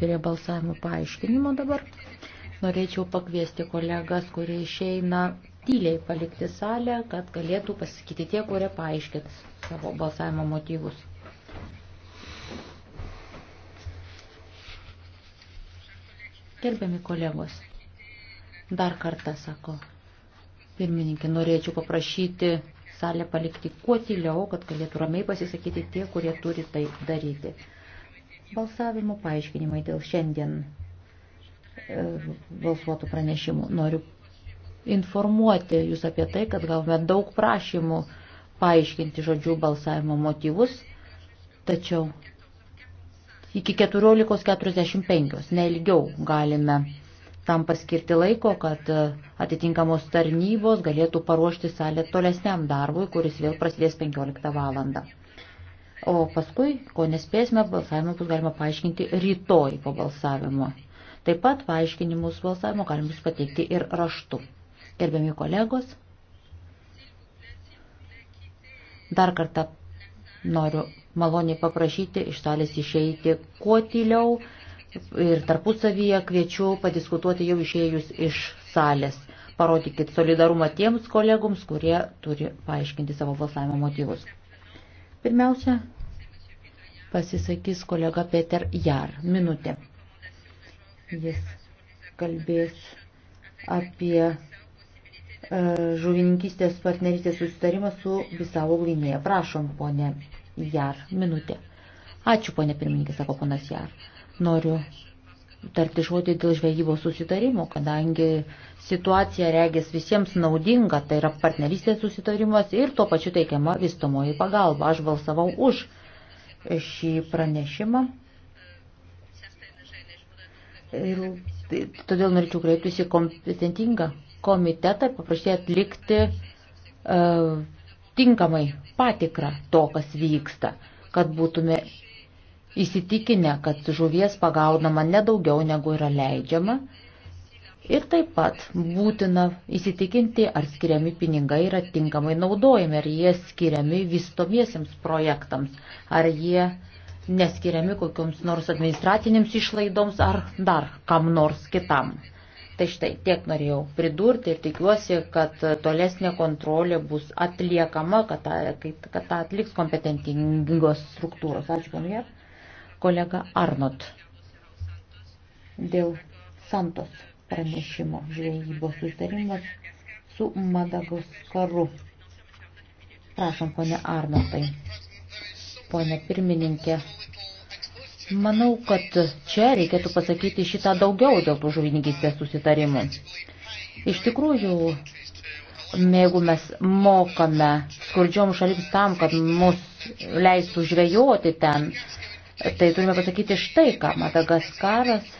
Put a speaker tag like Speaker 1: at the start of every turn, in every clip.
Speaker 1: prie balsavimo paaiškinimo dabar. Norėčiau pakviesti kolegas, kurie išeina tyliai palikti salę, kad galėtų pasakyti tie, kurie paaiškint savo balsavimo motyvus. Gerbiami kolegos, dar kartą sako pirmininkė, norėčiau paprašyti salę palikti kuo tyliau, kad galėtų ramiai pasisakyti tie, kurie turi tai daryti. Balsavimo paaiškinimai dėl šiandien e, balsuotų pranešimų. Noriu informuoti jūs apie tai, kad gavome daug prašymų paaiškinti žodžių balsavimo motyvus, tačiau iki 14.45, neilgiau galime tam paskirti laiko, kad e, atitinkamos tarnybos galėtų paruošti salę tolesniam darbui, kuris vėl prasidės 15 valandą. O paskui, ko nespėsime, balsavimą bus galima paaiškinti rytoj po balsavimo. Taip pat paaiškinimus balsavimo galima bus pateikti ir raštu. Gerbiami kolegos, dar kartą noriu maloniai paprašyti iš salės išeiti kuo tyliau ir tarpusavyje kviečiu padiskutuoti jau išėjus iš salės. Parodykit solidarumą tiems kolegoms, kurie turi paaiškinti savo balsavimo motyvus. Pirmiausia, pasisakys kolega Peter Jar. Minutė. Jis kalbės apie e, žuvininkystės partnerystės susitarimą su Bisavo Gvinėje. Prašom, ponė Jar, minutė. Ačiū, ponė pirmininkė, sako ponas Jar. Noriu tarti žodį dėl žvejybos susitarimo, kadangi situacija regės visiems naudinga, tai yra partnerystės susitarimas ir tuo pačiu teikiama vystomoji pagalba. Aš balsavau už šį pranešimą. Ir todėl norėčiau kreiptis į kompetentingą komitetą ir paprašyti atlikti uh, tinkamai patikrą to, kas vyksta, kad būtume įsitikinę, kad žuvies pagaunama nedaugiau negu yra leidžiama Ir taip pat būtina įsitikinti, ar skiriami pinigai yra tinkamai naudojami, ar jie skiriami vystomiesiems projektams, ar jie neskiriami kokioms nors administratinėms išlaidoms ar dar kam nors kitam. Tai štai tiek norėjau pridurti ir tikiuosi, kad tolesnė kontrolė bus atliekama, kad tą, kad tą atliks kompetentingos struktūros. Ačiū, ponuje. Kolega Arnot. Dėl Santos pranešimo žvejybos sustarimas su Madagaskaru. Prašom, ponė Arnotai. Ponė pirmininkė, manau, kad čia reikėtų pasakyti šitą daugiau dėl tų žuvininkystės susitarimų. Iš tikrųjų, jeigu mes mokame skurdžiom šalims tam, kad mus leistų žvejoti ten, tai turime pasakyti štai ką. Madagaskaras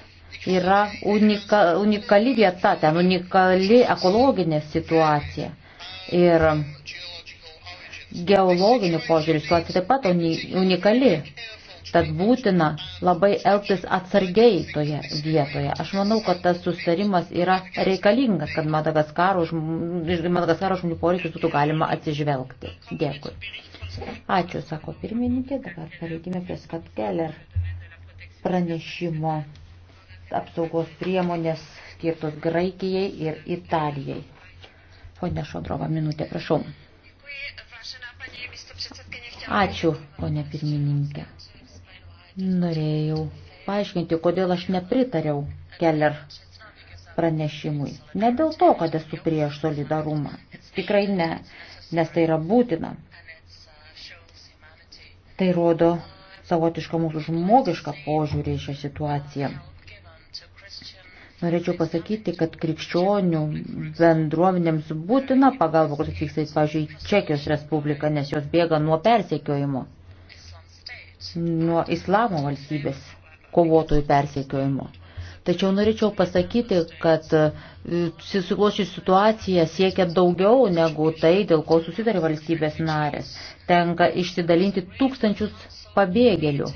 Speaker 1: yra unika, unikali vieta, ten unikali ekologinė situacija. Ir geologinių požiūrių situacija taip pat unikali. Tad būtina labai elgtis atsargiai toje vietoje. Aš manau, kad tas sustarimas yra reikalingas, kad Madagaskaro, žm... Madagaskaro žmonių poreikius būtų galima atsižvelgti. Dėkui. Ačiū, sako pirmininkė. Dabar pareikime prie Skatkeller pranešimo apsaugos priemonės skirtos Graikijai ir Italijai. Pone Šodrova, minutė, prašau. Ačiū, ponė pirmininkė. Norėjau paaiškinti, kodėl aš nepritariau Keller pranešimui. Ne dėl to, kad esu prieš solidarumą. Tikrai ne, nes tai yra būtina. Tai rodo savotišką mūsų žmogišką požiūrį į šią situaciją. Norėčiau pasakyti, kad krikščionių bendruomenėms būtina pagalba, kur atvyksta, pavyzdžiui, Čekijos Respublika, nes jos bėga nuo persekiojimo, nuo islamo valstybės kovotojų persekiojimo. Tačiau norėčiau pasakyti, kad e, susiklošį situacija siekia daugiau negu tai, dėl ko susidarė valstybės narės. Tenka išsidalinti tūkstančius pabėgėlių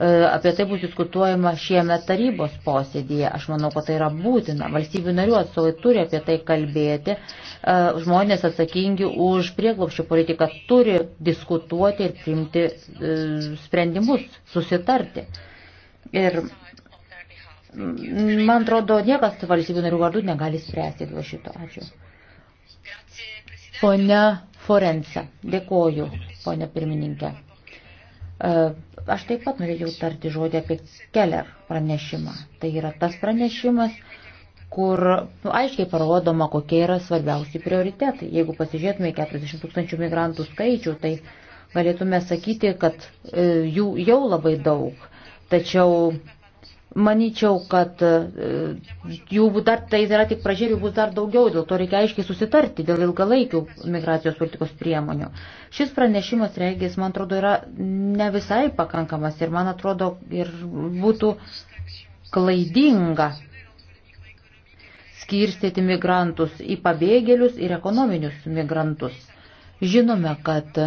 Speaker 1: E, apie tai bus diskutuojama šiame tarybos posėdėje. Aš manau, kad tai yra būtina. Valstybių narių atstovai turi apie tai kalbėti. E, žmonės atsakingi už prieglopščių politiką turi diskutuoti ir priimti e, sprendimus, susitarti. Ir man atrodo, niekas valstybių narių vardų negali spręsti dėl šito. Ačiū. Pone Forensa, dėkoju, pone pirmininkė. E, aš taip pat norėčiau tarti žodį apie Keller pranešimą. Tai yra tas pranešimas, kur nu, aiškiai parodoma, kokie yra svarbiausi prioritetai. Jeigu pasižiūrėtume į 40 tūkstančių migrantų skaičių, tai galėtume sakyti, kad e, jų jau labai daug. Tačiau Maničiau, kad e, jų dar, tai yra tik pražėrių, bus dar daugiau, dėl to reikia aiškiai susitarti dėl ilgalaikių migracijos politikos priemonių. Šis pranešimas, regis, man atrodo, yra ne visai pakankamas ir man atrodo, ir būtų klaidinga skirstyti migrantus į pabėgėlius ir ekonominius migrantus. Žinome, kad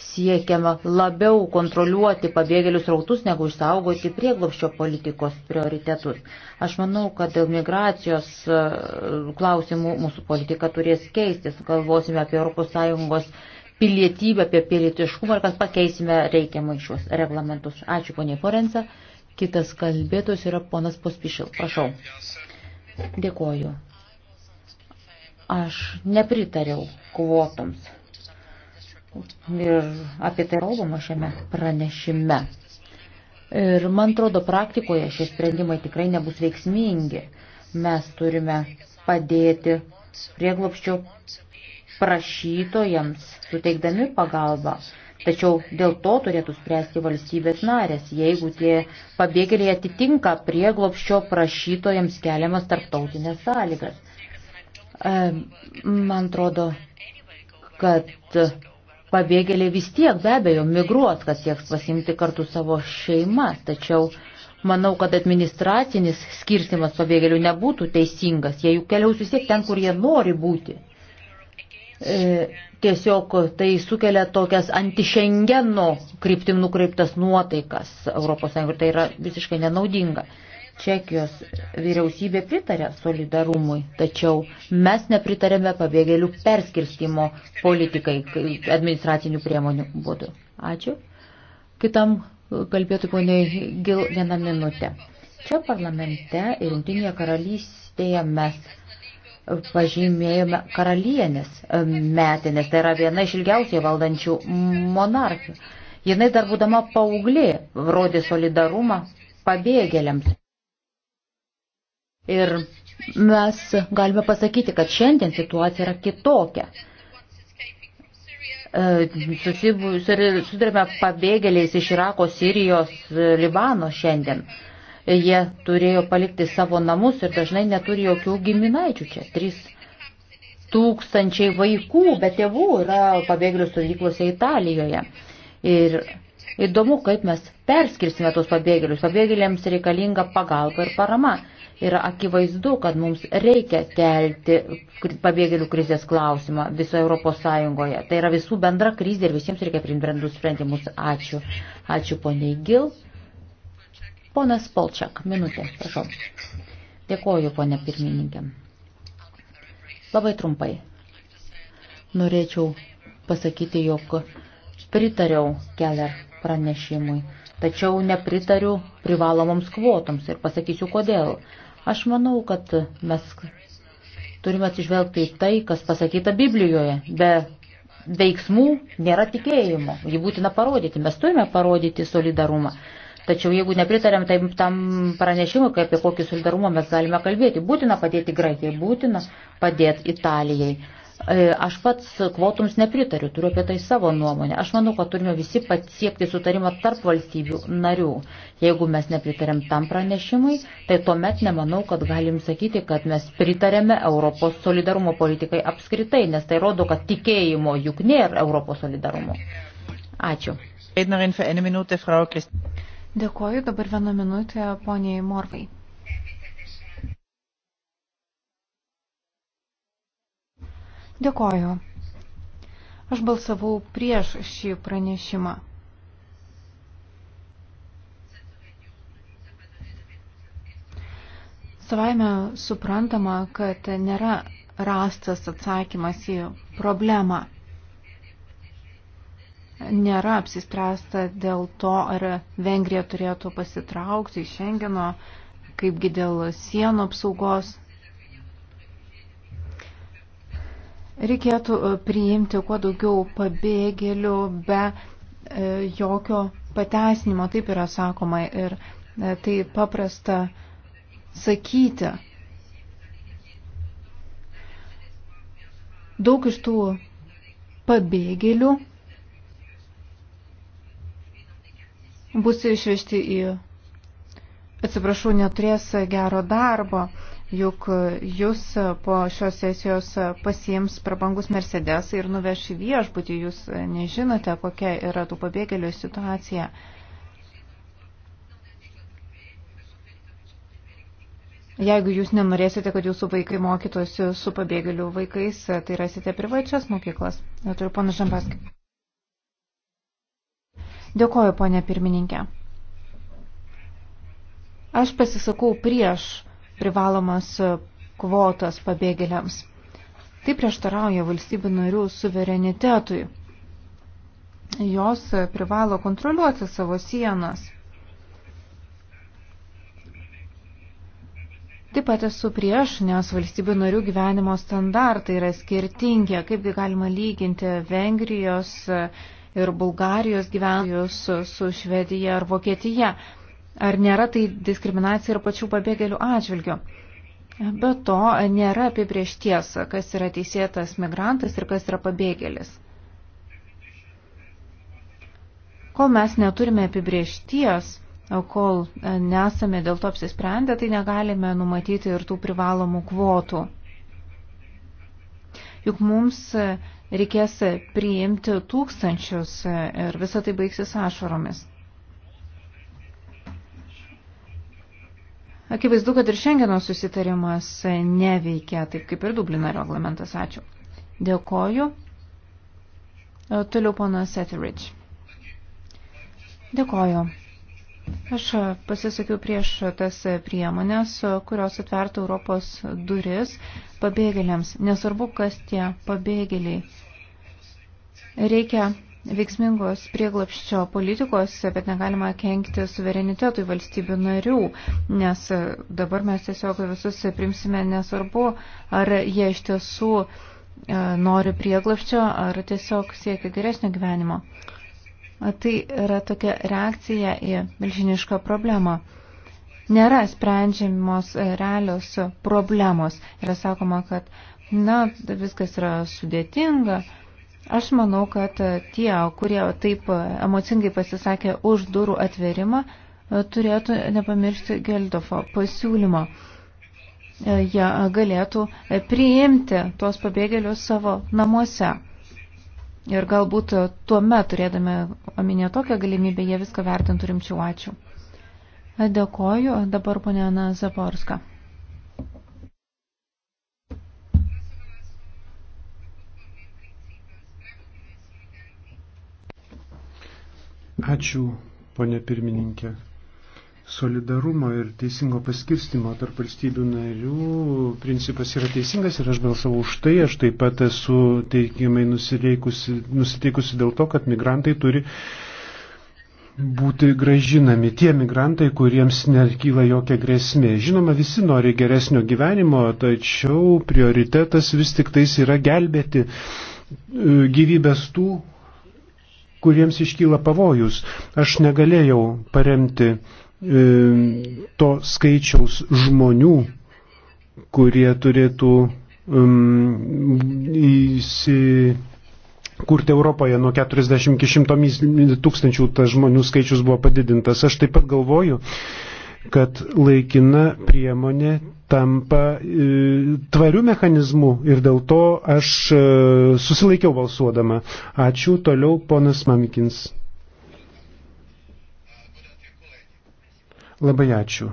Speaker 1: siekiama labiau kontroliuoti pabėgėlius rautus, negu išsaugoti prieglopščio politikos prioritetus. Aš manau, kad dėl migracijos e, klausimų mūsų politika turės keistis. Galvosime apie ES pilietybę, apie pilietiškumą ir kad pakeisime reikiamai šios reglamentus. Ačiū, ponė Forensa. Kitas kalbėtus yra ponas Pospišil. Prašau. Dėkoju. Aš nepritariau kvotoms Ir apie tai kalbama šiame pranešime. Ir man atrodo, praktikoje šie sprendimai tikrai nebus veiksmingi. Mes turime padėti prieglopščio prašytojams, suteikdami pagalbą. Tačiau dėl to turėtų spręsti valstybės narės, jeigu tie pabėgėliai atitinka prieglopščio prašytojams keliamas tarptautinės sąlygas. Man atrodo, kad pabėgėliai vis tiek be abejo migruos, kas sieks pasimti kartu savo šeimas, tačiau manau, kad administracinis skirstimas pabėgėlių nebūtų teisingas, jie juk keliaus vis tiek ten, kur jie nori būti. E, tiesiog tai sukelia tokias antišengeno kryptim nukreiptas nuotaikas ES ir tai yra visiškai nenaudinga. Čekijos vyriausybė pritarė solidarumui, tačiau mes nepritarėme pabėgėlių perskirstimo politikai administracinių priemonių būdu. Ačiū. Kitam kalbėtų poniai Gil vieną minutę. Čia parlamente ir Jungtinėje karalystėje mes pažymėjome karalienės metinės. Tai yra viena iš ilgiausiai valdančių monarchijų. Jinai dar būdama paauglė rodė solidarumą pabėgėliams. Ir mes galime pasakyti, kad šiandien situacija yra kitokia. E, Susidurime pabėgėliais iš Irako, Sirijos, e, Libano šiandien. Jie turėjo palikti savo namus ir dažnai neturi jokių giminaičių čia. 3 tūkstančiai vaikų, bet tėvų yra pabėgėlių stovyklose Italijoje. Ir įdomu, kaip mes perskirsime tos pabėgėlius. Pabėgėliams reikalinga pagalba ir parama Yra akivaizdu, kad mums reikia kelti pabėgėlių krizės klausimą visoje Europos Sąjungoje. Tai yra visų bendra krizė ir visiems reikia priimti bendrus sprendimus. Ačiū. Ačiū poniai Gil. Ponas Polčiak, minutė, prašau. Dėkoju, ponė pirmininkė. Labai trumpai. Norėčiau pasakyti, jog pritariau Keller pranešimui, tačiau nepritariu privalomoms kvotoms ir pasakysiu kodėl. Aš manau, kad mes turime atsižvelgti į tai, kas pasakyta Biblijoje. Be veiksmų nėra tikėjimo. Jį būtina parodyti. Mes turime parodyti solidarumą. Tačiau jeigu nepritarėm tai, tam pranešimui, kaip apie kokį solidarumą mes galime kalbėti, būtina padėti Graikijai, būtina padėti Italijai. E, aš pats kvotums nepritariu, turiu apie tai savo nuomonę. Aš manau, kad turime visi pasiekti sutarimą tarp valstybių narių. Jeigu mes nepritarėm tam pranešimui, tai tuomet nemanau, kad galim sakyti, kad mes pritarėme Europos solidarumo politikai apskritai, nes tai rodo, kad tikėjimo juk nėra Europos solidarumo. Ačiū.
Speaker 2: Dėkuoju dabar vieną minutę poniai Morvai. Dėkoju. Aš balsavau prieš šį pranešimą. Savaime suprantama, kad nėra rastas atsakymas į problemą. Nėra apsispręsta dėl to, ar Vengrija turėtų pasitraukti iš Šengeno, kaipgi dėl sienų apsaugos reikėtų e, priimti kuo daugiau pabėgėlių be e, jokio pateisinimo, taip yra sakoma ir e, tai paprasta sakyti. Daug iš tų pabėgėlių bus išvežti į, atsiprašau, neturės gero darbo juk jūs po šios sesijos pasiims prabangus Mercedes ir nuveš į viešbutį, jūs nežinote, kokia yra tų pabėgėlių situacija. Jeigu jūs nenorėsite, kad jūsų vaikai mokytųsi su pabėgėlių vaikais, tai rasite privačias mokyklas. Turiu pana Žambaskį. Dėkoju, ponė pirmininkė. Aš pasisakau prieš privalomas kvotas pabėgėliams. Tai prieštarauja valstybių narių suverenitetui. Jos privalo kontroliuoti savo sienas. Taip pat esu prieš, nes valstybių narių gyvenimo standartai yra skirtingi, kaipgi galima lyginti Vengrijos ir Bulgarijos gyventojus su Švedija ar Vokietija. Ar nėra tai diskriminacija ir pačių pabėgėlių atžvilgių? Be to, nėra apibriešties, kas yra teisėtas migrantas ir kas yra pabėgėlis. Kol mes neturime apibriešties, kol nesame dėl to apsisprendę, tai negalime numatyti ir tų privalomų kvotų. Juk mums reikės priimti tūkstančius ir visą tai baigsis ašaromis. Akivaizdu, kad ir Šengeno susitarimas neveikia, taip kaip ir Dublino reglamentas. Ačiū. Dėkoju. Toliau ponas Etheridge. Dėkoju. Aš pasisakiau prieš tas priemonės, kurios atvertų Europos duris pabėgėliams. Nesvarbu, kas tie pabėgėliai. Reikia veiksmingos prieglapščio politikos, bet negalima kenkti suverenitetui valstybių narių, nes dabar mes tiesiog visus primsime nesvarbu, ar jie iš tiesų e, nori prieglapščio, ar tiesiog siekia geresnio gyvenimo. Tai yra tokia reakcija į milžinišką problemą nėra sprendžiamos e, realios problemos. Yra sakoma, kad na, viskas yra sudėtinga, Aš manau, kad tie, kurie taip emocingai pasisakė už durų atverimą, turėtų nepamiršti Geldofo pasiūlymo. Jie galėtų priimti tuos pabėgėlius savo namuose. Ir galbūt tuo metu, turėdami omenyje tokią galimybę, jie viską vertintų rimčiau. Ačiū. Dėkoju. Dabar ponė Ana Zaborska.
Speaker 3: Ačiū, ponė pirmininkė. Solidarumo ir teisingo paskirstimo tarp valstybių narių principas yra teisingas ir aš balsavau už tai. Aš taip pat esu teigiamai nusiteikusi dėl to, kad migrantai turi būti gražinami tie migrantai, kuriems nekyla jokia grėsmė. Žinoma, visi nori geresnio gyvenimo, tačiau prioritetas vis tik tais yra gelbėti e, gyvybės tų, kuriems iškyla pavojus. Aš negalėjau paremti e, to skaičiaus žmonių, kurie turėtų um, įsikurti Europoje nuo 40 iki 100 tūkstančių, tas žmonių skaičius buvo padidintas. Aš taip pat galvoju, kad laikina priemonė tampa e, tvarių mechanizmų ir dėl to aš e, susilaikiau balsuodama. Ačiū, toliau ponas Mamikins. Labai ačiū.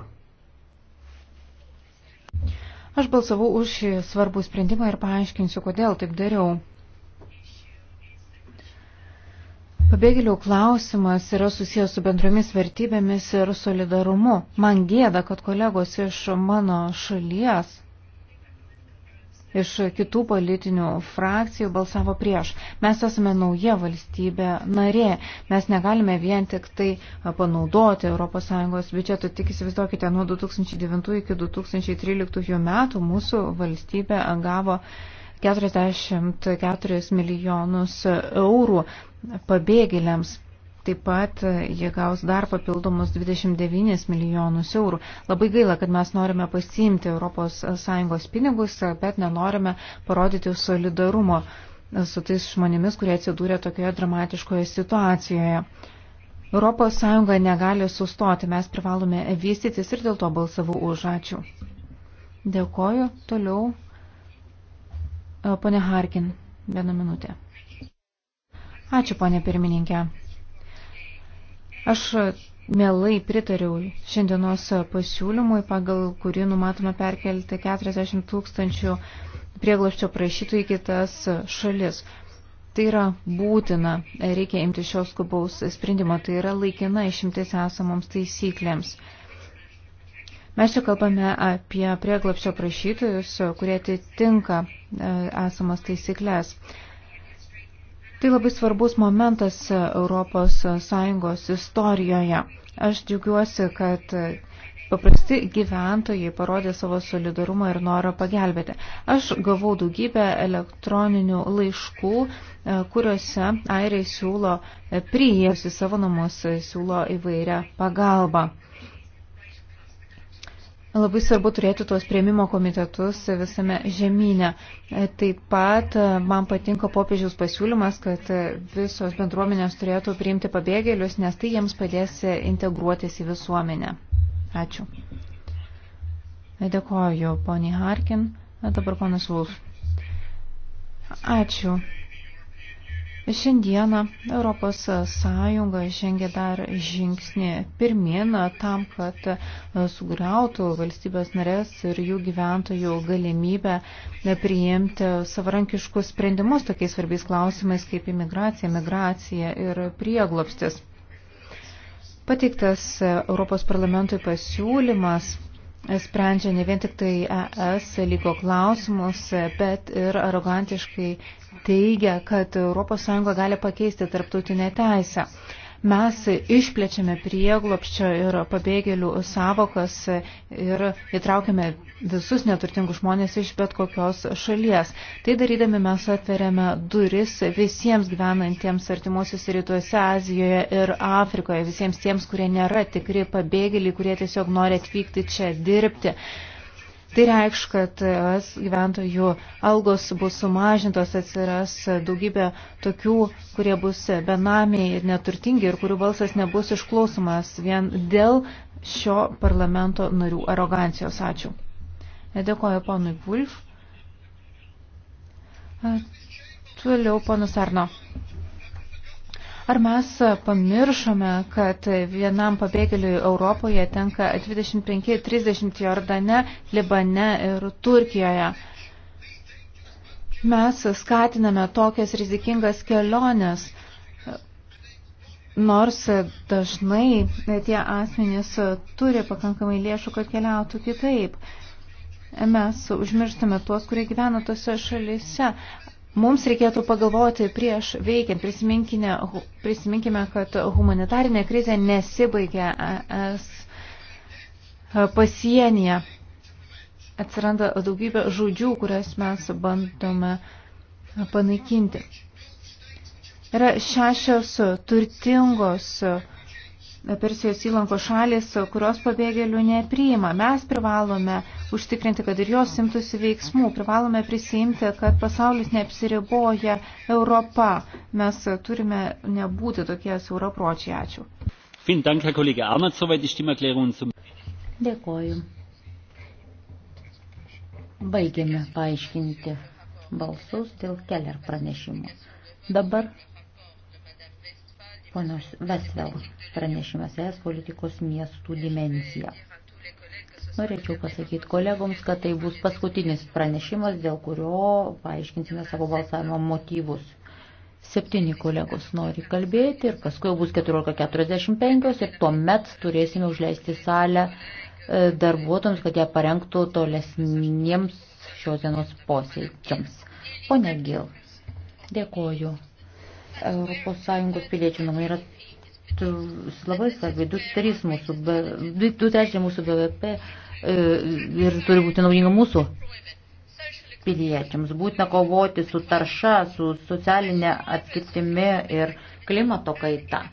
Speaker 2: Aš balsavau už šį svarbų sprendimą ir paaiškinsiu, kodėl taip dariau. Pabėgėlių klausimas yra susijęs su bendromis vertybėmis ir solidarumu. Man gėda, kad kolegos iš mano šalies, iš kitų politinių frakcijų balsavo prieš. Mes esame nauja valstybė narė. Mes negalime vien tik tai panaudoti ES biudžeto. Tik įsivaizduokite, nuo 2009 iki 2013 metų mūsų valstybė gavo 44 milijonus eurų pabėgėliams. Taip pat jie gaus dar papildomus 29 milijonus eurų. Labai gaila, kad mes norime pasiimti ES pinigus, bet nenorime parodyti solidarumo su tais žmonėmis, kurie atsidūrė tokioje dramatiškoje situacijoje. ES negali sustoti, mes privalome vystytis ir dėl to balsavau už. Ačiū. Dėkoju. Toliau Pone Harkin, vieną minutę. Ačiū, ponė pirmininkė. Aš mielai pritariau šiandienos pasiūlymui, pagal kurį numatoma perkelti 40 tūkstančių prieglapščio prašytų į kitas šalis. Tai yra būtina, reikia imti šios skubaus sprendimo, tai yra laikina išimtis esamoms taisyklėms. Mes čia kalbame apie prieglapščio prašytojus, kurie atitinka e, esamas taisyklės. Tai labai svarbus momentas ES istorijoje. Aš džiaugiuosi, kad paprasti gyventojai parodė savo solidarumą ir norą pagelbėti. Aš gavau daugybę elektroninių laiškų, e, kuriuose airiai siūlo e, priėjus į savo namus, siūlo įvairią pagalbą. Labai svarbu turėti tuos prieimimo komitetus visame žemynė. Taip pat e, man patinka popiežiaus pasiūlymas, kad e, visos bendruomenės turėtų priimti pabėgėlius, nes tai jiems padės e, integruotis į visuomenę. Ačiū. Dėkoju, poniai Harkin. Dabar ponas Vulf. Ačiū. Šiandieną Europos Sąjunga žengia dar žingsnį pirmieną tam, kad sugriautų valstybės narės ir jų gyventojų galimybę priimti savarankiškus sprendimus tokiais svarbiais klausimais kaip imigracija, migracija ir prieglopstis. Pateiktas Europos parlamentui pasiūlymas sprendžia ne vien tik tai ES lygo klausimus, bet ir arogantiškai teigia, kad ES gali pakeisti tarptautinę teisę. Mes išplečiame prieglopščio ir pabėgėlių savokas ir įtraukiame visus neturtingus žmonės iš bet kokios šalies. Tai darydami mes atveriame duris visiems gyvenantiems artimuosiuose rytuose, Azijoje ir Afrikoje, visiems tiems, kurie nėra tikri pabėgėliai, kurie tiesiog nori atvykti čia dirbti Tai reikš, kad es gyventojų algos bus sumažintos, atsiras daugybė tokių, kurie bus benamiai ir neturtingi ir kurių balsas nebus išklausomas vien dėl šio parlamento narių arogancijos. Ačiū. Dėkoju ponui Vulf. Toliau ponas Arno. Ar mes pamiršome, kad vienam pabėgėliui Europoje tenka 25-30 Jordane, Libane ir Turkijoje? Mes skatiname tokias rizikingas keliones, nors dažnai tie asmenys turi pakankamai lėšų, kad keliautų kitaip mes užmirštame tuos, kurie gyvena tose šalyse. Mums reikėtų pagalvoti prieš veikiant, prisiminkime, prisiminkime kad humanitarinė krizė nesibaigia ES pasienyje. Atsiranda daugybė žodžių, kurias mes bandome panaikinti. Yra šešios turtingos Persijos įlankos šalis, kurios pabėgėlių nepriima. Mes privalome užtikrinti, kad ir jos simtųsi veiksmų. Privalome prisimti, kad pasaulis neapsiriboja Europą. Mes turime nebūti tokie siaurapročiai.
Speaker 1: Ačiū. Dėkoju. Baigėme paaiškinti balsus dėl Keller pranešimų. Dabar ponios Vesvel pranešimas es politikos miestų dimencija. Norėčiau pasakyti kolegoms, kad tai bus paskutinis pranešimas, dėl kurio paaiškinsime savo balsavimo motyvus. Septyni kolegos nori kalbėti ir paskui bus 14.45 ir tuomet turėsime užleisti salę e, darbuotojams, kad jie parengtų tolesniems šios dienos posėdžiams. Pone Gil, dėkoju. ES piliečių namai yra labai svarbi, 2-3 mūsų, 2-3 mūsų BVP e, ir turi būti naudinga mūsų piliečiams. Būtina kovoti su tarša, su socialinė atskirtimi ir klimato kaita.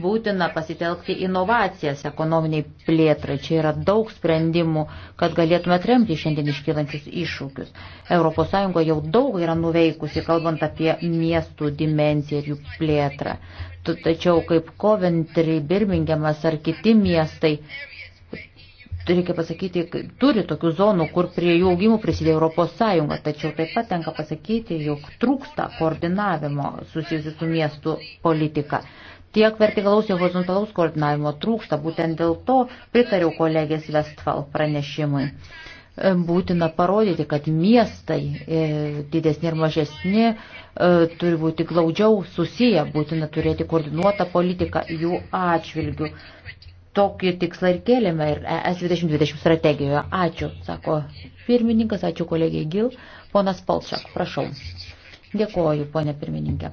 Speaker 1: Būtina pasitelkti inovacijas ekonominiai plėtrai. Čia yra daug sprendimų, kad galėtume atremti šiandien iškylančius iššūkius. ES jau daug yra nuveikusi, kalbant apie miestų dimenciją ir jų plėtrą tačiau kaip Coventry, Birminghamas ar kiti miestai, reikia pasakyti, turi tokių zonų, kur prie jų augimų prisidėjo Europos Sąjunga, tačiau taip pat tenka pasakyti, jog trūksta koordinavimo susijusiu su miestų politika. Tiek vertikalaus, tiek horizontalaus koordinavimo trūksta, būtent dėl to pritariau kolegės Westfall pranešimui būtina parodyti, kad miestai e, didesni ir mažesni e, turi būti glaudžiau susiję, būtina turėti koordinuotą politiką jų atžvilgių. Tokį tikslą ir kėlėme ir ES 2020 strategijoje. Ačiū, sako pirmininkas, ačiū kolegijai Gil. Ponas Palšak, prašau. Dėkoju, ponė pirmininkė.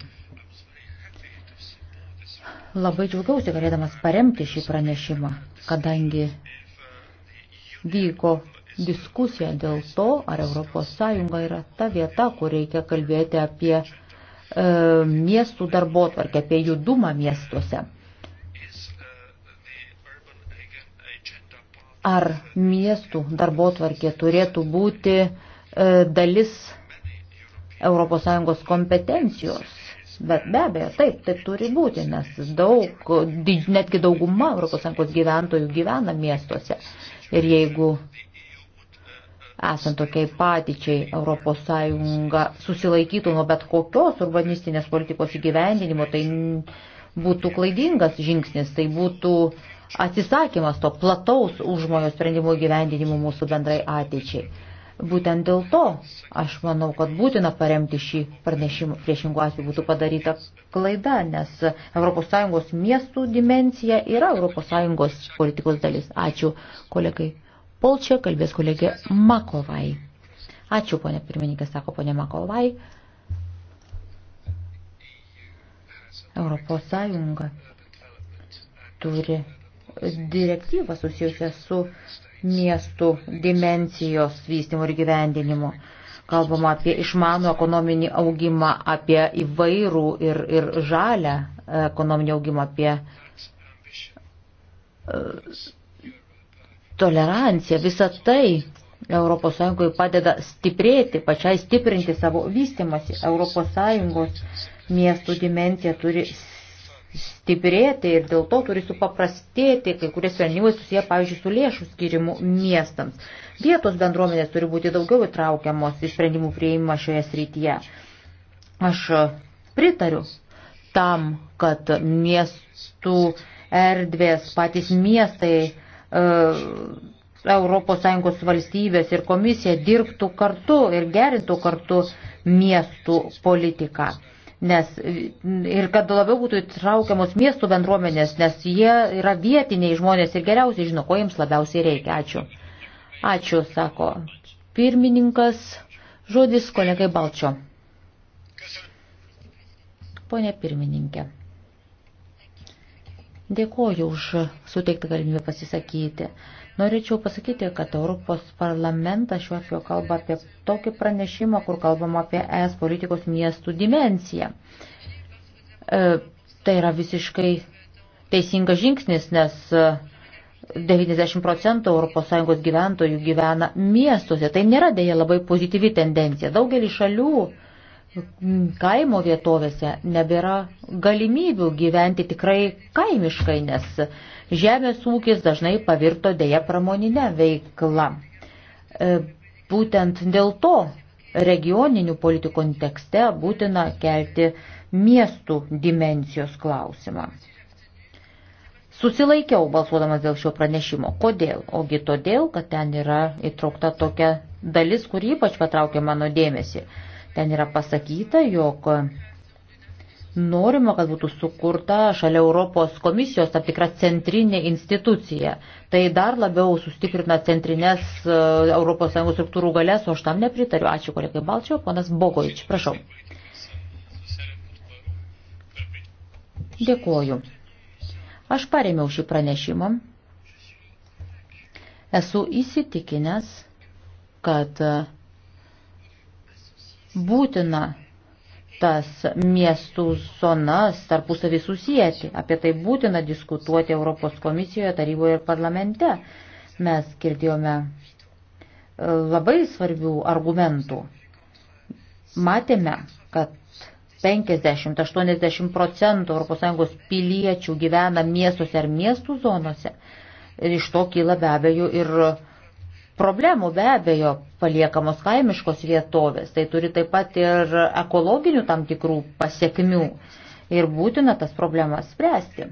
Speaker 1: Labai džiaugiausi galėdamas paremti šį pranešimą, kadangi vyko diskusiją dėl to, ar ES yra ta vieta, kur reikia kalbėti apie e, miestų darbotvarkę, apie judumą miestuose. Ar miestų darbotvarkė turėtų būti e, dalis ES kompetencijos? Bet be abejo, taip, taip turi būti, nes daug, netgi dauguma ES gyventojų gyvena miestuose. Ir jeigu esant tokiai patyčiai ES susilaikytų nuo bet kokios urbanistinės politikos įgyvendinimo, tai būtų klaidingas žingsnis, tai būtų atsisakymas to plataus užmojo sprendimų įgyvendinimo mūsų bendrai ateičiai. Būtent dėl to aš manau, kad būtina paremti šį pranešimą. Priešingų atveju būtų padaryta klaida, nes ES miestų dimencija yra ES politikos dalis. Ačiū kolegai Pol čia kalbės kolegė Makovai. Ačiū, ponė pirmininkas, sako ponė Makovai. Europos Sąjunga turi direktyvą susijusią su miestų dimensijos vystymu ir gyvendinimu. Kalbama apie išmanų ekonominį augimą, apie įvairų ir, ir žalę ekonominį augimą, apie tolerancija, visa tai ES padeda stiprėti, pačiai stiprinti savo vystimasi. ES miestų dimencija turi stiprėti ir dėl to turi supaprastėti kai kurie sprendimai susiję, pavyzdžiui, su lėšų skirimu miestams. Vietos bendruomenės turi būti daugiau įtraukiamos į sprendimų prieimimą šioje srityje. Aš pritariu tam, kad miestų erdvės patys miestai ES valstybės ir komisija dirbtų kartu ir gerintų kartu miestų politiką. Nes ir kad labiau būtų įtraukiamos miestų bendruomenės, nes jie yra vietiniai žmonės ir geriausiai žino, ko jiems labiausiai reikia. Ačiū. Ačiū, sako pirmininkas. Žodis kolegai Balčio. Pone pirmininkė. Dėkoju už suteiktą galimybę pasisakyti. Norėčiau pasakyti, kad Europos parlamentas šiuo atveju kalba apie tokį pranešimą, kur kalbama apie ES politikos miestų dimenciją. E, tai yra visiškai teisingas žingsnis, nes 90 e, procentų ES gyventojų gyvena miestuose. Tai nėra dėja labai pozityvi tendencija. Daugelį šalių e, kaimo vietovėse nebėra galimybių gyventi tikrai kaimiškai, nes žemės ūkis dažnai pavirto dėja pramoninę veiklą. E, būtent dėl to regioninių politikų kontekste būtina kelti miestų dimensijos klausimą. Susilaikiau balsuodamas dėl šio pranešimo. Kodėl? Ogi todėl, kad ten yra įtraukta tokia dalis, kuri ypač patraukė mano dėmesį. Ten yra pasakyta, jog norima, kad būtų sukurta šalia Europos komisijos tam tikra centrinė institucija. Tai dar labiau sustiprina centrinės ES struktūrų galės, o aš tam nepritariu. Ačiū kolegai Balčio, ponas Bogovič, prašau. Dėkuoju. Aš paremiau šį pranešimą. Esu įsitikinęs, kad uh, būtina tas miestų zonas tarpusavį susijęti. Apie tai būtina diskutuoti Europos komisijoje, taryboje ir parlamente. Mes girdėjome e, labai svarbių argumentų. Matėme, kad 50-80 procentų ES piliečių gyvena miestuose ar miestų zonose. Ir iš to kyla be abejo ir problemų be abejo paliekamos kaimiškos vietovės, tai turi taip pat ir ekologinių tam tikrų pasiekmių ir būtina tas problemas spręsti.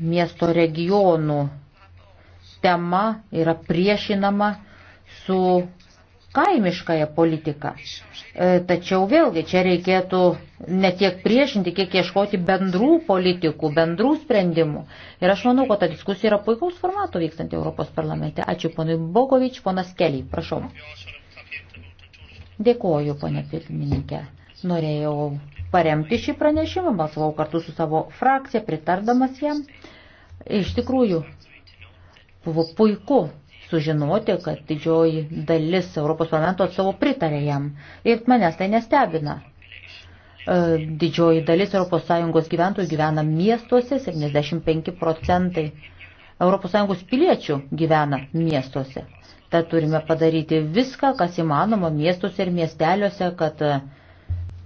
Speaker 1: Miesto regionų tema yra priešinama su kaimiškąją politiką. E, tačiau vėlgi čia reikėtų ne tiek priešinti, kiek ieškoti bendrų politikų, bendrų sprendimų. Ir aš manau, kad ta diskusija yra puikaus formato vykstanti Europos parlamente. Ačiū ponui Bogovič, ponas Keliai, prašau. Dėkoju, ponė pirmininkė. Norėjau paremti šį pranešimą, balsavau kartu su savo frakcija, pritardamas jam. Iš tikrųjų, buvo puiku sužinoti, kad didžioji dalis Europos parlamento atstovų pritarė jam. Ir manęs tai nestebina. E, didžioji dalis ES gyventojų gyvena miestuose, 75 procentai ES piliečių gyvena miestuose. Tad turime padaryti viską, kas įmanoma miestuose ir miesteliuose, kad e,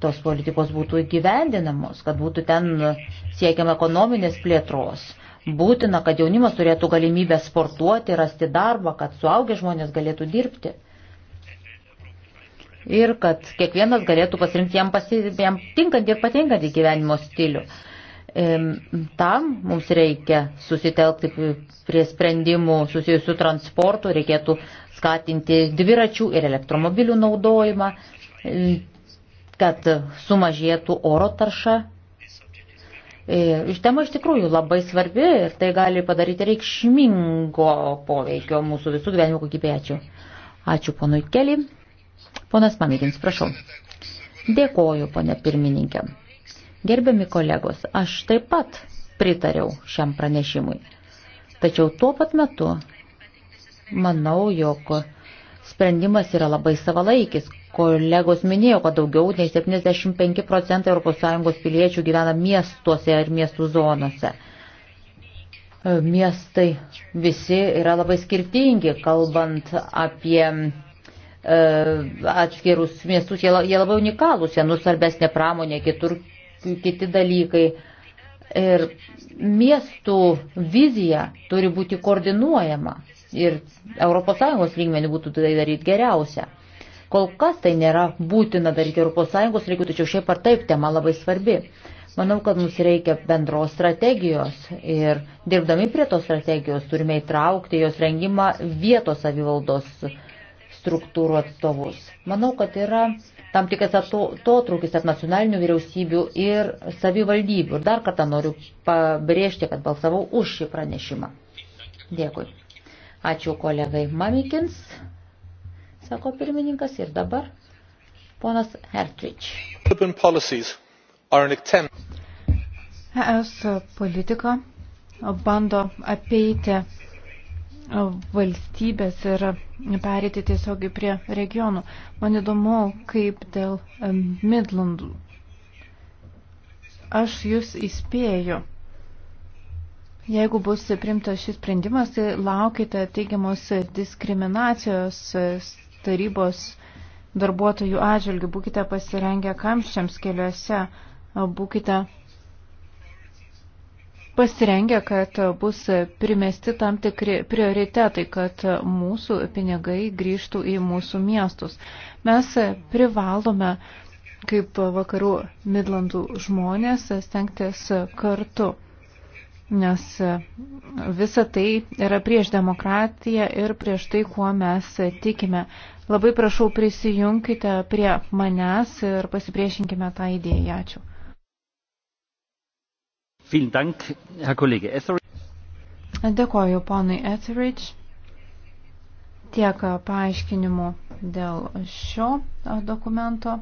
Speaker 1: tos politikos būtų įgyvendinamos, kad būtų ten siekiama ekonominės plėtros, Būtina, kad jaunimas turėtų galimybę sportuoti, rasti darbą, kad suaugę žmonės galėtų dirbti. Ir kad kiekvienas galėtų pasirinkti jam, pasi, jam tinkant ir patinkantį gyvenimo stilių. Tam mums reikia susitelkti prie sprendimų susijusių transportų, reikėtų skatinti dviračių ir elektromobilių naudojimą, kad sumažėtų oro tarša E, tema iš tikrųjų labai svarbi ir tai gali padaryti reikšmingo poveikio mūsų visų gyvenimo kokybė. Ačiū. Ačiū ponui Keli. Ponas Mamikins, prašau. Dėkoju, ponė pirmininkė. Gerbiami kolegos, aš taip pat pritariau šiam pranešimui. Tačiau tuo pat metu manau, jog sprendimas yra labai savalaikis, Kolegos minėjo, kad daugiau nei 75 procentai ES piliečių gyvena miestuose ir miestų zonose. E, miestai visi yra labai skirtingi, kalbant apie e, atskirus miestus, jie, jie labai unikalūs, jie nusarbesnė pramonė, kitur kiti dalykai. Ir miestų vizija turi būti koordinuojama ir ES lygmenį būtų tai daryti geriausia. Kol kas tai nėra būtina daryti Europos Sąjungos lygių, tačiau šiaip ar taip tema labai svarbi. Manau, kad mums reikia bendros strategijos ir dirbdami prie tos strategijos turime įtraukti jos rengimą vietos savivaldos struktūrų atstovus. Manau, kad yra tam tikras atotrukis tarp nacionalinių vyriausybių ir savivaldybių. Ir dar kartą noriu pabrėžti, kad balsavau už šį pranešimą. Dėkui. Ačiū kolegai Mamikins sako pirmininkas ir dabar ponas
Speaker 3: Hertridge.
Speaker 1: ES
Speaker 2: politika bando apeiti valstybės ir perėti tiesiogiai prie regionų. Man įdomu, kaip dėl Midlandų. Aš jūs įspėju. Jeigu bus primtas šis sprendimas, tai laukite teigiamos diskriminacijos tarybos darbuotojų atžvilgių. Būkite pasirengę kamščiams keliuose, būkite pasirengę, kad bus primesti tam tikri prioritetai, kad mūsų pinigai grįžtų į mūsų miestus. Mes privalome, kaip vakarų Midlandų žmonės, stengtis kartu nes visa tai yra prieš demokratiją ir prieš tai, kuo mes tikime. Labai prašau prisijunkite prie manęs ir pasipriešinkime tą idėją. Ačiū. Dėkoju ponui Etheridge. Tiek paaiškinimų dėl šio dokumento.